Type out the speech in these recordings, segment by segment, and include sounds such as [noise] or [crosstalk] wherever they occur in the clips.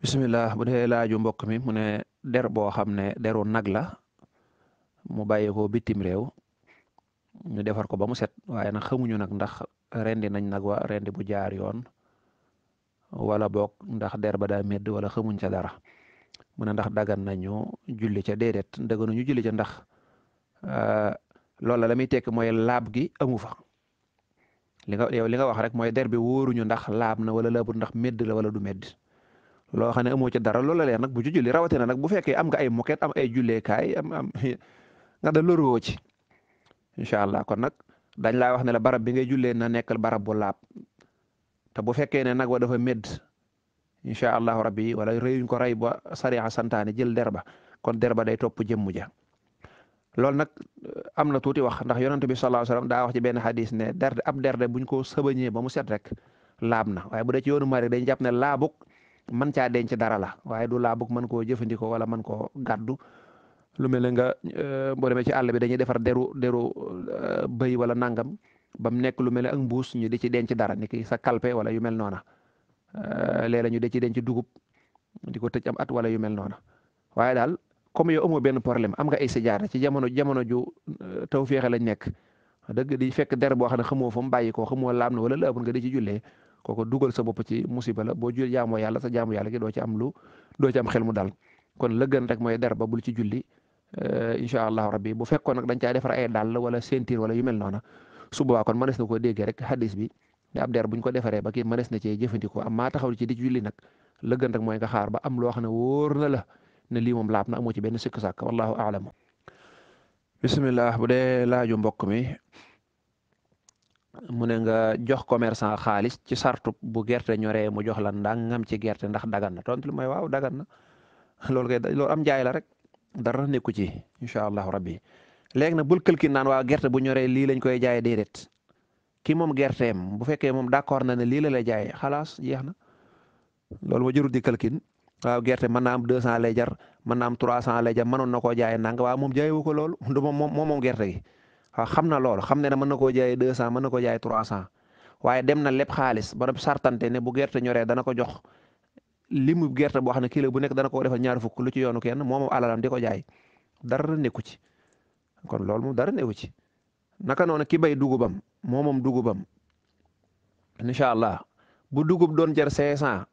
bisimilah bu dee laaju mbokk mi mu ne der boo xam ne deru nag la mu bàyyi ko bitim réew ñu defar ko ba mu set waaye nag xamuñu nag ndax rendi nañ nag wa rendi bu jaar yoon wala boog ndax der ba daa medd wala xamuñ ca dara mu ne ndax dagan nañu julli ca déedéet daganuñu juli ca ndax euh, loola la muy tekk mooy laab gi amu fa li nga li nga wax rek mooy der bi wóoruñu ndax laab na wala laabut ndax medd la wala du medd loo xam ne amoo ci dara loola leer nag bu ci julli rawatina nag bu fekkee am na ay moquette am ay julleekaay am am [laughs] nga da allah kon nag dañ laa wax ne la barab bi ngay jullee na nekkal barab bu laab te bu fekkee ne nag wa dafa médd incha allahu rabbi wala réyuñ ko rey ba sariya santaane jël derba kon derba day topp jëmmu ja loolu nag eh, am na tuuti wax ndax yonent bi sallallahu alayhi wasallam daa wax ci benn xadis ne derde ab derde buñ ko sëbañee ba mu set rek laab na waaye bu dee ci yoonu mari dañ jàpp ne laabuk man caa denc dara la waaye du laa bug mën koo jëfandikoo wala man koo gàddu lu mel ne nga euh, boo demee ci àll bi dañuy defar deru deru euh, bëy wala nangam ba mu nekk lu mel ne ak mbuus ñu di ci denc dara ni ki sa kalpe wala yu mel noona euh, léeg-léeg ñu di ci denc dugub di ko tëj am at wala yu mel noona waaye daal comme yow amoo ben problème am nga ay sijaara ci jamono jamono ju taw féexe lañ nekk dëgg di fekk der boo xam ne xamoo fa mu bàyyi koo xamoo laam na wala laabul nga di ci jullee kooku dugal sa bopp ci musiba la boo jël jaamoo yàlla sa jaamu yàlla gi doo ci am lu doo am xel mu dal kon la gën rek mooy der ba bul ci julli eh, incha allahu rabbi bu fekkoon nag dañ caa defar ay dàll wala ceinture wala yu mel noona su boobaa kon mënees na koo déggee rek hadis bi ne ab buñ ko defaree ba kii mënees na cee jëfandikoo am maa taxaw ci di julli nag la gën rek mooy nga xaar ba am loo xam ne wóor na la ne lii moom laab na amoo ci benn sikk sàkk wallahu aalam bismillah bu dee mbokk mi mu ne nga jox commerçant xaalis ci sartu bu gerte ñoree mu jox la ndàngam ci gerte ndax dagan na tontu lu mooy waaw dagan na [laughs] loolu kay loolu am jaay la rek dara nekku ci incha allahu rabbi léegi nag bul këlkin naan waaw gerte bu ñore lii lañ koy jaayee déedéet ki moom gerteem bu fekkee moom d'accord na ne lii la lay jaayee xalaas jeex na loolu ma jërul di këlkin waaw gerte mën naa am deux cent lay jar mën naa am trois cent lay jar mënoon na ko jaayee nang waaw moom jaayee wu ko loolu [laughs] du gerte gi. Ah, xam na lool xam ne ne mën na koo jaayee deux cent mën na koo jaayee trois cent waaye dem na lépp xaalis ba sartante ne bu gerte ñoree dana ko jox limu gerte boo xam ne kilo bu nekk dana ko defal ñaar fukk lu ci yoonu kenn moomu alalam di ko jaay dara nekku ci kon loolu moom dara nekku ci naka noonu ki bay dugubam moomoom dugubam incha allah bu dugub doon jar cinq cent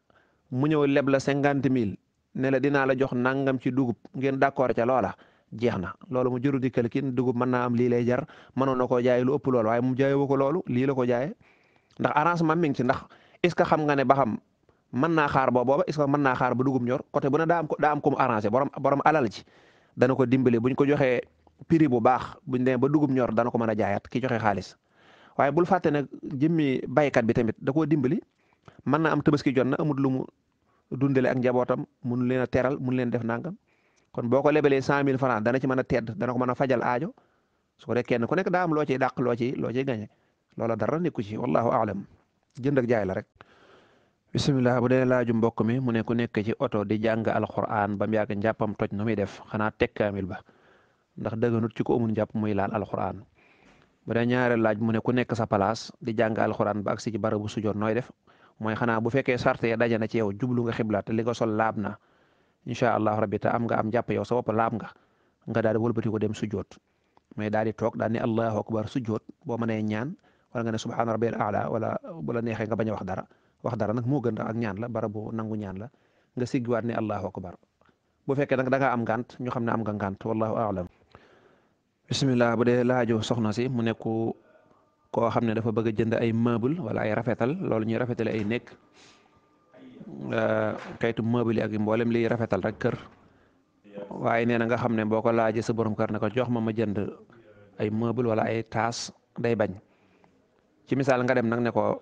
mu ñëw leb la cinquante mille ne la dinaa la jox nangam ci dugub ngeen d'accord ca loola jeex na loolu mu jëru dikkal kin dugub mën naa am lii lay jar mënoon na koo jaay lu ëpp loolu waaye mu jaayoo ko loolu lii la ko jaayee ndax arrangement mi ngi ci ndax est ce que xam nga ne ba xam mën naa xaar ba booba est ce que mën naa xaar ba dugub ñor côté bu ne daa am daa am ko mu arrangé borom borom alal ji dana ko dimbali buñ ko joxee prix bu baax buñ demee ba dugub ñor dana ko mën a jaayaat ki joxe xaalis waaye bul fàtte ne jëmmi baykat bi tamit da koo dimbali mën naa am tabaski jot na amul lu mu dundale ak njabootam mun leen a teral mun leen def nangam kon boo ko lebalee cent mille francs dana ci mën a tedd dana ko mën a fajal aajo su ko def kenn ku nek daa am loo ciy dàq loo loo ciy gañe loola dara nekku ci wallahu aalam jënd ak jaay la rek bisimilah bu dee laaju mbokk mi mu ne ku nekk ci oto di jàng alquran ba mu yàgg njàppam toj nu muy def xanaa teg kaamil ba ndax dëgganut ci ko amul njàpp muy laal alquran bu dee ñaareel laaj mu ne ku nekk sa palace di jàng alquran ba agsi ci barabu sujoon nooy def mooy xanaa bu fekkee sarte daje na ci yow jublu nga xibla li ko sol laab na incha allahu rabbi te am nga am jàpp yow sa bopp laab nga nga daal di wëlbati ko dem sujjoot mais daal di toog daal ne allahu a sujjoot boo mënee ñaan wala nga ne subhaana rabbil aala wala bu la neexee nga bañ a wax dara wax dara nag moo gën ak ñaan la bara bu nangu ñaan la nga siggiwaat ne allahu a bu fekkee nag da ngaa am ngant ñu xam ne am nga ngant wallahu aalam bisimilah bu dee laajo soxna si mu nekk koo xam ne dafa bëgg a ay meuble wala ay rafetal loolu ñuy rafetale ay nekk xeetu euh, meuble ak mboolem liy rafetal rek kër waaye nee na nga xam ne boo ko laajee sa borom kër ne ko jox ma ma jënd ay meuble wala ay taas day bañ ci misaal nga dem nag ne ko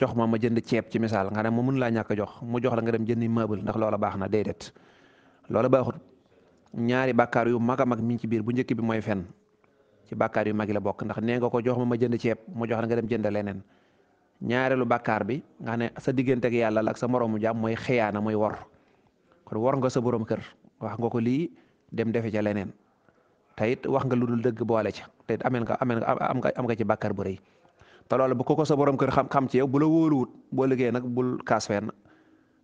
jox ma ma jënd ceeb ci misaal nga dem mu mun laa ñàkk jox mu jox la nga dem jëndi meuble ndax loola baax na déedéet loola baaxut ñaari bàkkaar yu mag a mag mi ngi ci biir bu njëkk bi mooy fen ci bàkkaar yu mag yi la bokk ndax nee nga ko jox ma ma jënd ceeb mu jox la nga dem jënd leneen. ñaareelu bàkkaar bi nga xam ne sa diggante ak yàlla ak sa moroomu jaam mooy xiyaana mooy wor kon wor nga sa borom kër wax nga ko lii dem defe ca leneen te it wax nga lu dul dëgg boole ca te it amel nga amel nga am nga ci bàkkaar bu rëy te loolu bu ko ko sa borom kër xam ci yow bu la wóoluwut boo liggéey nag bul kaas fenn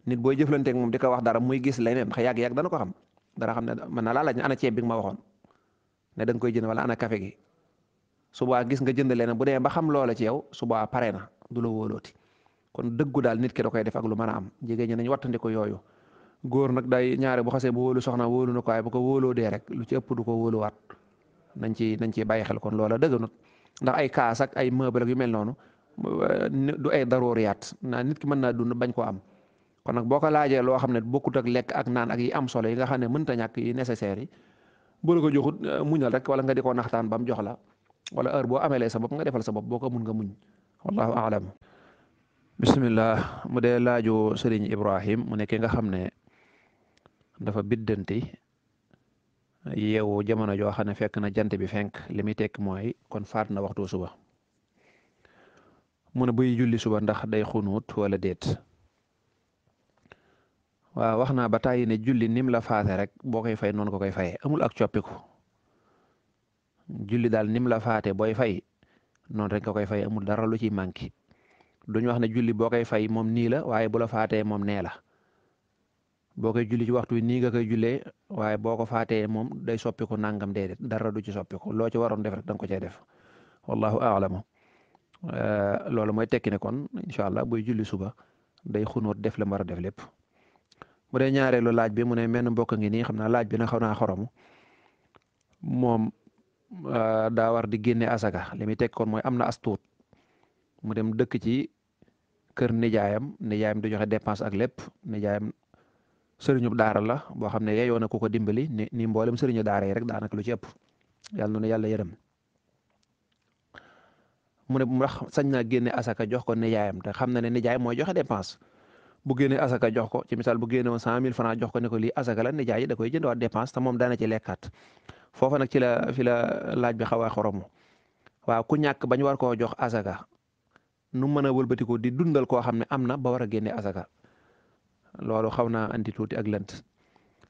nit boo jëflanteeg moom di ko wax dara muy gis leneen xa yàgg yàgg dana ko xam dara xam ne mën na laa ne ana ceeb bi ma waxoon ne da koy jënd wala ana kafe gi subaa gis nga jënd leneen bu dee ba xam loola ci yow subaa pare na du la wóolooti kon dëggu daal nit ki da koy def ak lu mën am jigéen ñi nañ wattandi ko yooyu góor nag day ñaare bu xasee bu wóolu soxna wóolu na ko waaye bu ko wóoloo dee rek lu ci ëpp du ko wóoluwaat nañ ci nañ ciy bàyyi xel kon loola dëgganut ndax ay kaas ak ay meuble ak yu mel noonu euh, du ay darooriyaat naa nit ki mën naa dund bañ koo am kon nag boo ko laajee loo xam ne bokkut ak lekk ak naan ak yi am solo yi nga xam ne mënta ñàkk yi nécessaire yi bu la ko joxut euh, muñal rek wala nga di ko naxtaan ba mu jox la wala boo amelee sa bopp nga defal sa bopp boo ko mun nga muñ wallahu alam bismillah mu dee laaju sëriñ ibrahim mu nekk nga xam ne dafa biddanti yeewu jamono joo xam ne fekk na jant bi fenk li muy tekk mooy kon faat na waxtu suba mu buy julli suba ndax day xunuut wala déet waaw wax naa ba tàyyi ne julli nim la faate rek boo koy fay noonu ko koy fayee amul ak coppiku julli daal nim la faate booy fay noonu rek koy fay amul dara lu ciy manqué duñ wax ne julli boo koy fay moom nii la waaye bu la faatee moom nee la boo koy julli ci waxtu wi nii nga koy jullee waaye boo ko faatee moom day soppiku nangam déedéet dara du ci soppiku loo ci waroon def rek da nga ko cay def wallahu a'lamu euh, loolu mooy tekki ne kon incha allah buy julli suba day xunóot def la mu war a def lépp bu dee ñaareelu laaj bi mu ne menn mbokk ngi nii xam na laaj bi na xaw naa xoromu Euh, daa war di génne asaka li muy teg kon mooy am na astuut mu dem dëkk ci kër nijaayam nijaayam di joxe dépense ak lépp nijaayam sëriñu daara la boo xam ne yeyoo na ku ko dimbali ni ni mboolem sëriñu daara yi rek daanaka lu ci ëpp yàlla na ne yàlla yërëm mu ne ndax sañ naa génne asaka jox ko nijaayam te xam na ne nijaay mooy joxe dépense bu génnee asaka jox ko ci missal bu génne woon cent mille franc jox ko ko lii asaka la ne jaay da koy jënd waat dépense te moom daana a lekkaat foofa nag ci la fi la laaj bi xaw a xoromu waaw ku ñàkk bañ war koo jox asaka nu mën a wëlbatikoo di dundal koo xam ne am na ba war a génne asaka loolu xaw naa andi tuuti ak lënt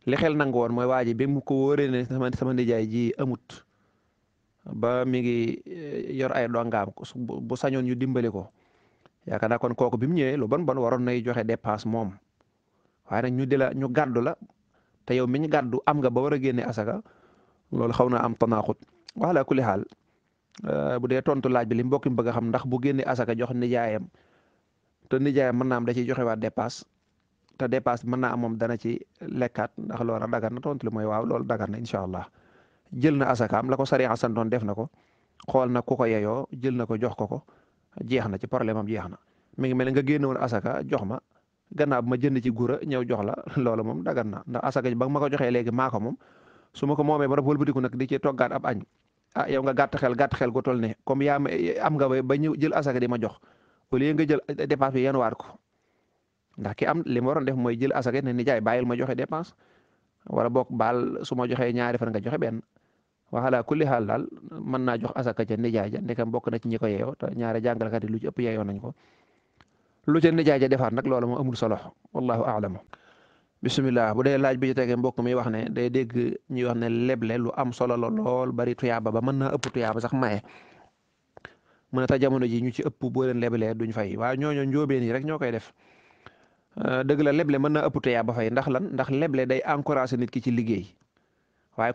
li xel nangu woon mooy waa ji bi mu ko wóoree ne sama sama nijaay ji amut ba mi ngi eh, yor ay dongaam bu sañoon ñu dimbali ko yaakaar naa kon kooku bi mu ñëwee lu bon bon waroon nay joxe dépasse moom waaye nag ñu di la ñu gàddu la te yow mi ñu gàddu am nga ba war a génne asaka loolu xaw naa am tanaaxut wala kulli xaal euh, bu dee tontu laaj bi li mbokk mi bëgg xam ndax bu génne asaka jox nijaayam te nijaayam mën naa am da ciy joxe waat dépasse te dépasse mën naa am moom dana ci lekkaat ndax loola dagan na tontu li mooy waaw loolu dagan na incha allah jël na asakaam la ko sariya santoon def na ko xool na ku ko yeyoo jël na ko jox ko ko. jeex na ci problème am jeex na mi ngi mel nga génne woon asaka jox ma gannaaw bi ma jënd ci gura ñëw jox la [laughs] loola moom dagan na ndax asaka ba ma ko joxee léegi maa ko moom su ma ko moomee ba wëlbatiku nag di ci toggaat ab añ a ah, yow nga gàtt xel gàtt xel gu toll ne comme yaa am nga ba ñëw jël asaka di ma jox au nga jël dépense bi yan waat ko ndax ki am li ma waroon def mooy jël asaka ne ni jaay bàyyil ma joxe dépense wala boog baal su ma joxee ñaari fan nga joxe benn waxala kulli xaal daal mën naa jox asaka ca nijaay ja ndekam bokk na ci ñi ko yeeyoo te ñaare jàngalkat yi lu ci ëpp yeeyoo nañ ko lu ca nijaay ja defaat nag loolu moom amul solo wallahu aalam bisimilah bu dee laaj bi ci tege mbokk mi wax ne day dégg ñuy wax ne leble lu am solo la lool bari tuyaaba ba mën naa ëpp tuyaaba sax maye mën na ta jamono ji ñu ci ëpp boo leen leblee duñ fay waaye ñooñu njóobeen yi rek ñoo koy def euh, dëgg la leble mën naa ëpp tuyaaba fay ndax lan ndax leble day encouragé nit ki ci liggéey waaye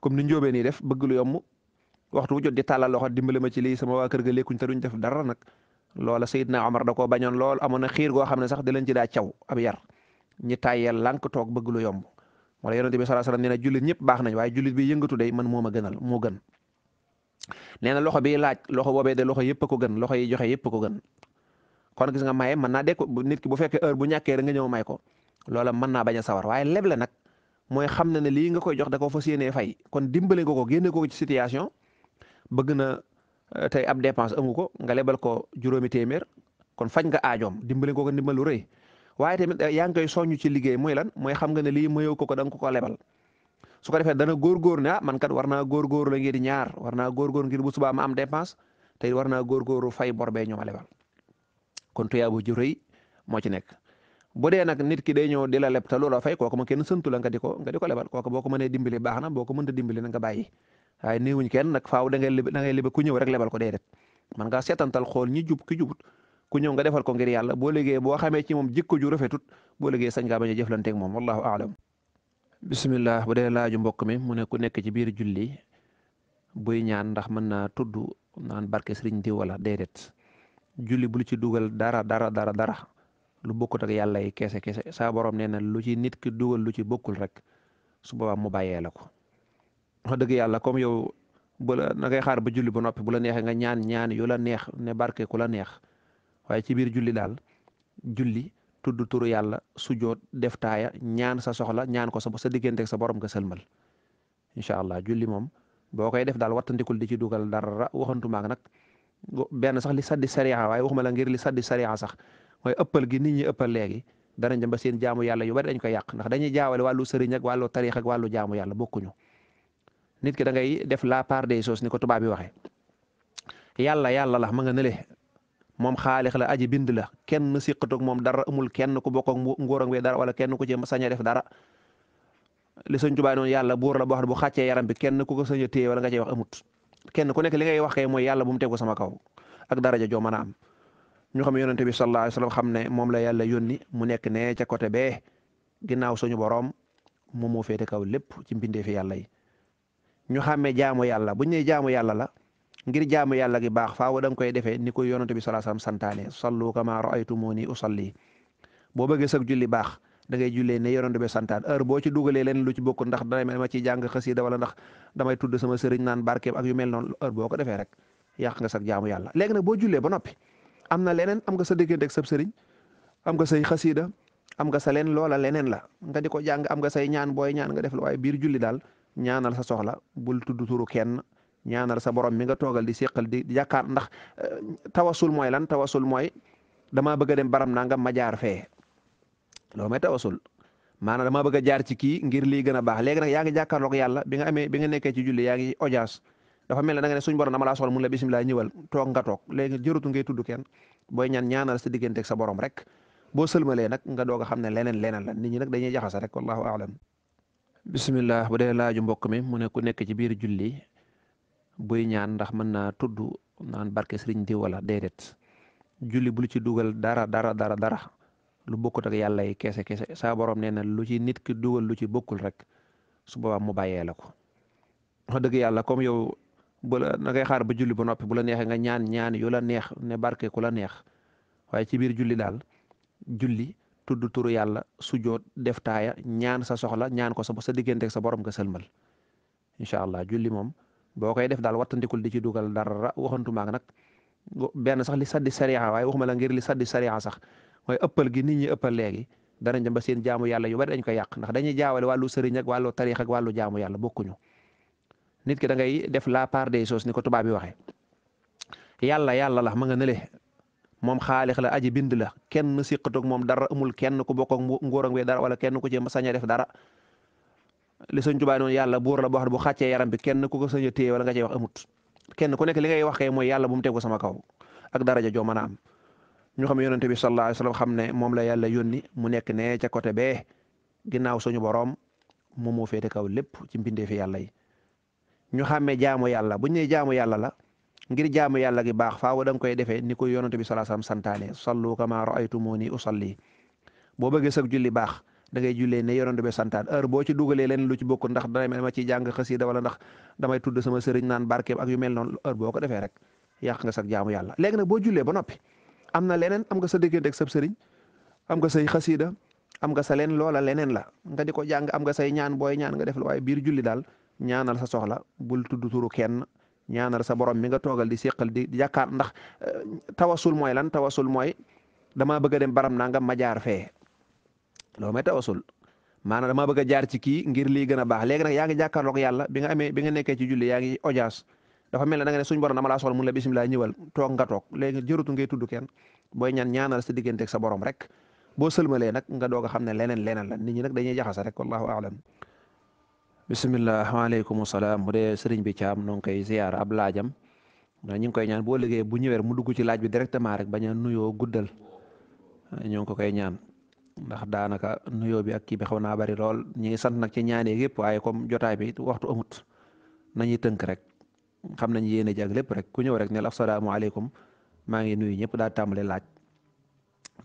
comme ni njóobee nii def bëgg lu yomb waxtu wu jot di tàllal loxo dimbali ma ci lii sama waa kër ga lekkuñ te duñ def dara nag loola Seydina Omar da koo bañoon lool amoon na xiir goo xam ne sax da leen ci daa caw ab yar ñi tàyyeel lànk toog bëgg lu yomb wala yonente bi sallallahu alayhi wasallam na jullit ñëpp baax nañ waaye jullit bi yëngatu day man moo ma moo gën nee na loxo bi laaj loxo boobee de loxo yëpp ko gën loxo yi joxe yëpp ko gën kon gis nga maye mën naa de ko nit ki bu fekkee heure bu ñàkkee da nga ñëw may ko loola mën naa bañ a sawar waaye leble nag mooy xam na ne lii nga koy jox da ko fas yéenee fay kon dimbale nga ko génne ko ci situation bëgg na euh, tey ab dépense amu ko nga lebal ko juróomi téeméer kon fañ nga aajoom dimbale nga ko ndimbal lu rëy waaye tamit euh, yaa ngi koy soññ ci liggéey mooy lan mooy xam nga ne lii mayoo ko ko dang ko ko lebal su ko defee dana góorgóor ne ah man kat war naa góorgóor la ngir ñaar war naa góorgóor ngir bu am dépense tey war naa góorgóoru fay bor bee ñu ma lebal kon tuyaabu ju rëy moo ci nekk bu dee nag nit ki day ñëw di la leb te loola fay kooku ma kenn sëntu nga di ko nga di ko lebal kooku boo ko mënee dimbali baax na boo ko mënta dimbali na nga bàyyi waaye néewuñ kenn nag faaw da ngay leb da ngay leb ku ñëw rek lebal ko déedéet man ngaa seetantal xool ñi jub ki jubut ku ñëw nga defal ko ngir yàlla boo liggéey boo xamee ci moom jikko ju rafetut boo liggéey sañ ngaa bañ a jëflanteeg moom wallahu aalam bismillah bu dee laaju mbokk mi mu ne ku nekk ci biir julli buy ñaan ndax mën naa tudd naan barke sëriñ di wala déedéet julli bul ci dugal dara dara dara dara lu bokkut ak yàlla yi kese kese saa borom nee na lu ci nit ki dugal lu ci bokkul rek su boobaa mu bàyyee la ko wax dëgg yàlla comme yow bu la na ngay xaar ba julli ba noppi bu la neexee nga ñaan ñaan yu la neex ne barke ku la neex waaye ci biir julli daal julli tudd turu yàlla sujoot def taaya ñaan sa soxla ñaan ko sa sa digganteeg sa borom nga sëlmal incha allah julli moom boo koy def daal wattandikul di ci dugal dara waxantumaak nag benn sax li saddi sariya waaye waxuma la ngir li saddi sariya sax mooy ëppal gi nit ñi ëppal léegi danañ dem ba seen jaamu yàlla yu bari dañ koy yàq ndax dañuy jaawale wàllu sëriñ ak wàllu tariix ak wàllu jaamu yàlla bokkuñu nit ki da ngay def la part des choses ni ko tubaab bi waxee yàlla yàlla la ma nga nële moom xaalix la aji bind la kenn siqatoog moom dara amul kenn ku bokk ak ngóor ak wee dara wala kenn ku ci sañ a def dara li sëñ Tuubaa noonu yàlla buur la boo xam bu xàccee yaram bi kenn ku ko sañ a téye nga cey wax amut kenn ku nekk li ngay wax kay mooy yàlla bu mu tegu sama kaw ak daraja joo mën a am ñu xam yonente bi sallallahu alayhi wa sallam xam ne moom la yàlla yónni mu nekk ne ca côté bee ginnaaw suñu boroom moom moo féete kaw lépp ci mbindee fi yàlla yi ñu xam xàmmee jaamu yàlla buñ ne jaamu yàlla la ngir jaamu yàlla gi baax faaw da koy defee ni ko yonente bi sallallahu alayhi wa sallam santaane sallu kama raaytumuni usalli boo bëggee sag julli baax da ngay jullee ne yonente bi santaan heure boo ci dugalee leen lu ci bokk ndax dama ciy jàng xasida wala ndax damay tudd sama sëriñ naan barkeem ak yu mel noonu heure boo ko defee rek yàq nga sag jaamu yàlla léegi nag boo ba noppi am na leneen am nga sa diggante ak sab sëriñ am nga say xasiida am nga sa leen loola leneen la nga di ko jàng am nga say ñaan booy ñaan nga def la waaye biir julli daal ñaanal sa soxla bul tudd turu kenn ñaanal sa borom mi nga toogal di seqal di jàkkaar ndax eh, tawasul mooy lan tawasul mooy damaa bëgg a dem baram naa nga ma jaar fee loolu mooy tawasul maanaam damaa bëgg a jaar ci kii ngir lii gën a baax léegi nag yaa ngi jàkkaarloog yàlla bi nga amee bi nekkee ci julli yaa ngi audience dafa mel ne da nga ne suñ borom dama laa soxla mun la bisimilah ñëwal toog nga toog léegi jërutu ngay tudd kenn booy ñaan ñaanal sa digganteeg sa borom rek boo sëlmalee nag nga doog a xam ne leneen leneen la nit ñi nag dañuy jaxasa rek wallahu aalam bisimilah bu dee laaju mbokk mi mu ne nekk ci biir julli buy ñaan ndax mën naa tudd naan barke sëriñ di wala déedéet julli bul ci dugal dara dara dara dara lu bokkut ak yàlla yi saa borom nee na lu ci nit ki dugal lu ci bokkul rek su boobaa mu bàyyee la ko dëgg yàlla comme yow bu la na ngay xaar ba julli ba noppi bula la neexee nga ñaan ñaan yu la neex ne barke ku la neex waaye ci biir julli daal julli tudd turu yàlla sujoot def taaya ñaan sa soxla ñaan ko sa sa digganteeg sa borom nga sëlmal incha allah julli moom boo koy def daal wata ndikul di ci dugal dara waxantu waxantumaak nag benn sax li saddi sariya waaye waxuma la ngir li saddi sariya sax mooy ëppal gi nit ñi ëppal léegi danañ dem ba seen jaamu yàlla yu bari dañ ko yàq ndax dañuy jaawale wàllu sëriñ ak wàllu tariix ak wàllu jaamu yàlla bokkuñu nit ki da ngay def la part des choses ni ko tubaab bi waxee yàlla yàlla la ma nga nële moom xaalix la aji bind la kenn siqatoog moom dara amul kenn ku bokk ak nguuram we dara wala kenn ku ci sañ a def dara li sëñ Tuubaa noonu yàlla buur la boo xam bu xàccee yaram bi kenn ku ko sañ a téye nga cey wax amut ku nekk li ngay wax kay mooy yàlla bu mu tegu sama kaw ak daraja joo mën a am ñu xam yonente bi sallallahu alayhi wasallam xam ne moom la yàlla yónni mu nekk ne ca côté bee ginnaaw suñu boroom moom mu féete kaw lépp ci mbindeefi yàlla yi ñu xàmmee jaamu yàlla bu ñu nee yàlla la ngir jaamu yàlla gi baax faaw da koy defee ni ko yonent bi sallallahu alayhi wasallam santaane sallu kama ra'aytumuni usalli boo bëggee sag julli baax da ngay jullee ne yonent bi santaan heure boo ci dugalee leen lu ci bokk ndax dama ci jàng xasida wala ndax damay tudd sama sëriñ naan barkeem ak yu mel noonu heure boo ko defee rek yàq nga sag jaamu yàlla léegi na boo jullee ba noppi am na leneen am nga sa diggante ak sab sëriñ am nga say xasida am nga sa leen loola leneen la nga di ko jàng am nga say ñaan booy ñaan nga def la waaye biir julli daal ñaanal sa soxla bul tudd turu kenn ñaanal sa borom mi nga toogal di seqal di jàkkaar ndax eh, tawasul mooy lan tawasul mooy damaa bëgg a dem baram nangam ma jaar fee loolu mooy tawasul maanaam damaa bëgg a jaar ci kii ngir lii gën a baax léegi nag yaa ngi jàkkaarloog yàlla bi nga amee bi nga nekkee ci julli yaa ngi dafa mel ne da nga ne suñu borom dama laa soxla mun la bisimilah ñëwal toog nga toog léegi jërutu ngay tudd kenn boo ñaan ñaanal sa digganteeg sa borom rek boo sëlmalee nag nga doog a xam ne leneen leneen la nit ñi nag dañuy jaxasa rek wallahu aalam bisimilah waaleykum salaam bu dee sëriñ bi Thiam noo ngi koy ziar ab laajam ñu ngi koy ñaan boo liggéey bu ñëwee mu dugg ci laaj bi directement rek bañ a nuyoo guddal ñoo ngi ko koy ñaan ndax daanaka nuyoo bi ak kii bi xaw naa bari lool ñi ngi sant nag ci ñaan yi yëpp waaye kom jotaay bi waxtu amut nañuy tënk rek xam nañ yéen a jàng lépp rek ku ñëw rek ne la maa ngi nuyu ñëpp daal tàmbale laaj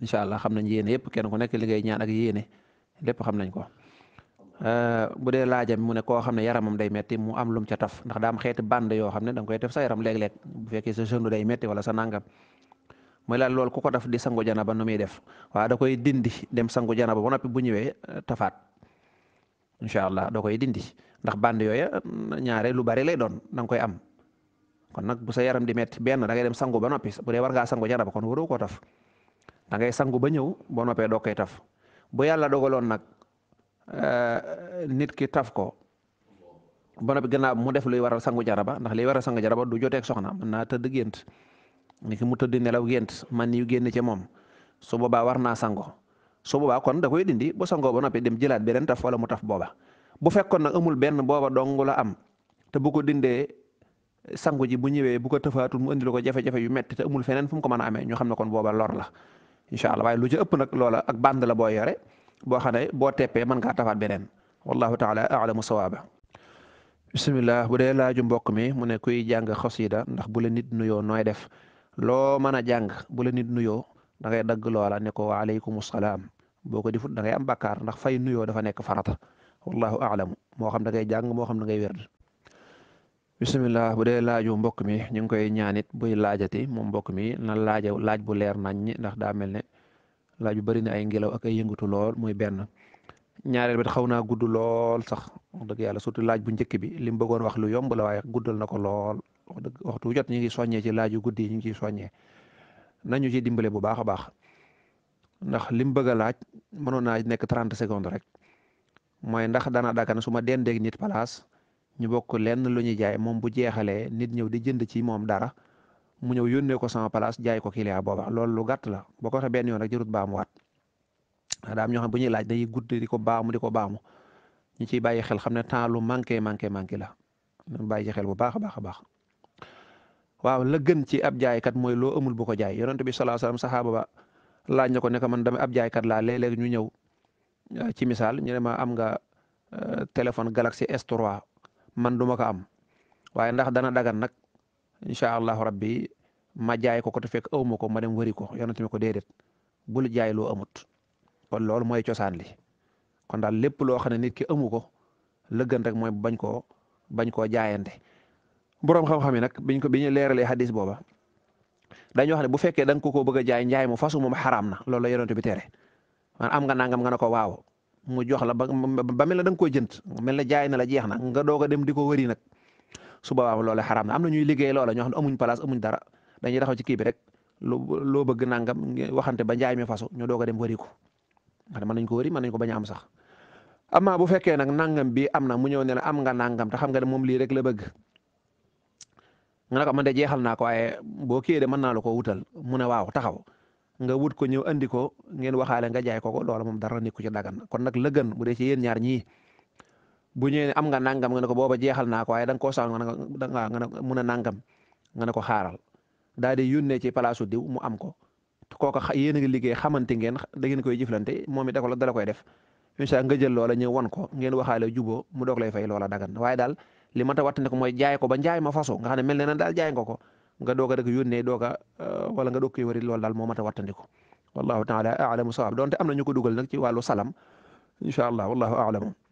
incha xam nañ yéene yëpp kenn ku nekk li ngay ñaan ak yéene lépp xam nañ ko. Euh, bu dee laajam mu ne koo xam ne yaramam day metti mu am lum ca taf ndax daa am xeeti band xam ne da koy def sa yaram léeg-léeg bu fekkee sa jeune day metti wala sa nangam mooy ku ko def di sangu janaba nu muy def waa da koy dindi dem sangu janaba ba noppi bu ñëwee euh, tafaat incha allah da koy dindi ndax band yooya euh, ñaare lu bari lay doon da koy am kon nag bu sa yaram di metti benn da ngay dem sangu ba noppi bu dee war ngaa sangu janaba kon waroo koo taf da ngay sangu ba ñëw boo noppee doo koy taf bu yàlla dogaloon nag Euh, nit ki taf ko ba noppi mu def luy waral sangu jaraba ndax liy waral sangu jaraba du joteeg soxna mën naa tëdd gént ni ki mu tëdd nelaw gént man yu génn ci moom su boobaa war naa sango su boobaa kon da koy dindi bu sangoo ba noppi dem jëlaat beneen taf wala mu taf booba bu fekkoon nag amul benn booba dong la am te bu ko dindee sangu ji bu ñëwee bu ko tëfaatul mu indil ko jafe-jafe yu metti te amul feneen fu mu ko mën a amee ñu xam ne kon booba lor la incha allah waaye lu ci ëpp nag loola ak bànd la boo yore boo xam ne boo teppee mën ngaa tafaat beneen wallahu taala alamu sawaaba bisimilah bu dee laaju mbokk mi mu ne kuy jàng xasida ndax bu la nit nuyoo nooy def loo mën a jàng bu la nit nuyoo da ngay dagg loola ne ko waaleykum salaam boo ko defut da ngay am bakkaar ndax fay nuyoo dafa nekk farata wallahu alamu moo xam na ngay jàng moo xam da ngay wérd bisimilah bu dee laaju mbokk mi ñu ngi koy ñaanit buy laajati moom mbokk mi na laaja laaj bu leer nañ ñi ndax daa mel ne laaj bi bëri na ay ngelaw ak ay yëngatu lool mooy benn ñaareel bi xaw naa gudd lool sax dëgg yàlla surtout laaj bu njëkk bi li mu bëggoon wax lu yomb la waaye guddal na ko lool wax dëgg waxtu jot ñu ngi soññee ci laaj yu guddi yi ñu ngi ciy soññee nañu ci dimbale bu baax a baax ndax li mu bëgg a laaj mënoon naa nekk 30 secondes rek mooy ndax dana dagan su ma dendeeg nit palaas ñu bokk lenn lu ñuy jaay moom bu jeexalee nit ñëw di jënd ci moom dara mu ñëw yónnee ko sama place jaay ko client booba loolu lu gàtt la boo ko waxee benn yoon rek jarut baamuwaat daam ñoo xam bu ñuy laaj dañuy gudd di ko baamu di ko baamu ñu ciy bàyyi xel xam ne temps lu manqué manqué manqué la ñu bàyyi ci xel bu baax a baax a baax waaw la gën ci ab jaaykat mooy loo amul bu ko jaay te bi sallallahu alayhi wasallam saxaaba ba laaj na ko ne ko man dama ab jaaykat laa le léeg ñu ñëw euh, ci misaal ñu ne ma am nga euh, téléphone galaxi S3 man du ko am waaye ndax dana dagan nag incha allahu rabbi ma jaay ko ko te fekk awma ko ma dem wëri ko yonent mi ko déedéet bul jaay loo amut kon loolu mooy cosaan li kon daal lépp loo xam ne nit ki amu ko lëggan rek mooy bañ koo bañ koo jaayante boroom xam-xam yi nag biñ ko bi ñu leeralee xadis booba dañu wax ne bu fekkee da nga ko koo bëgg a jaay njaay mu fasu moom xaraam na loolu la yonent bi tere man am nga nangam nga ne ko waaw mu jox la ba ba mel na da koo jënd mel na jaay na la jeex na nga doog a dem di ko wëri nag su boobaa loola xaraam na am na ñuy liggéey loola ñoo xam ne amuñ place amuñ dara dañuy taxaw ci kii bi rek lu loo bëgg nangam waxante ba njaay mi fasu ñoo doog a dem wëri ko man mën nañ ko wëri mën nañ ko bañ am sax amma bu fekkee nag nangam bi am na mu ñëw ne la am nga nangam te xam nga ne moom lii rek la bëgg nga ne ko man de jeexal naa ko waaye boo kii de mën naa la ko wutal mu ne waaw taxaw nga wut ko ñëw andi ko ngeen waxaale nga jaay ko ko loolu moom dara nekku ci dagan kon nag lëgën bu dee ci yéen ñaar ñii bu ñëwee am nga nangam nga ne ko booba jeexal naa ko waaye da nga koo saal nga ne ko mun a nangam nga ne ko xaaral daal di yónnee ci palaasu diw mu am ko kooka yéen a ngi liggéey xamante ngeen da ngeen koy jëflante moom it da ko da la koy def incha nga jël loola ñëw wan ko ngeen waxaale juboo mu doog lay fay loola dagan waaye daal li ma ta wattante ko mooy jaay ko ba njaay ma faso nga xam ne mel ne na daal jaay nga ko nga doog a rek yónnee doog euh, wala nga doog koy wari loolu daal moo mat a wattandiku wallahu taala alamu sawaab donte am na ñu ko dugal nag ci wàllu salam incha allah wallahu alamu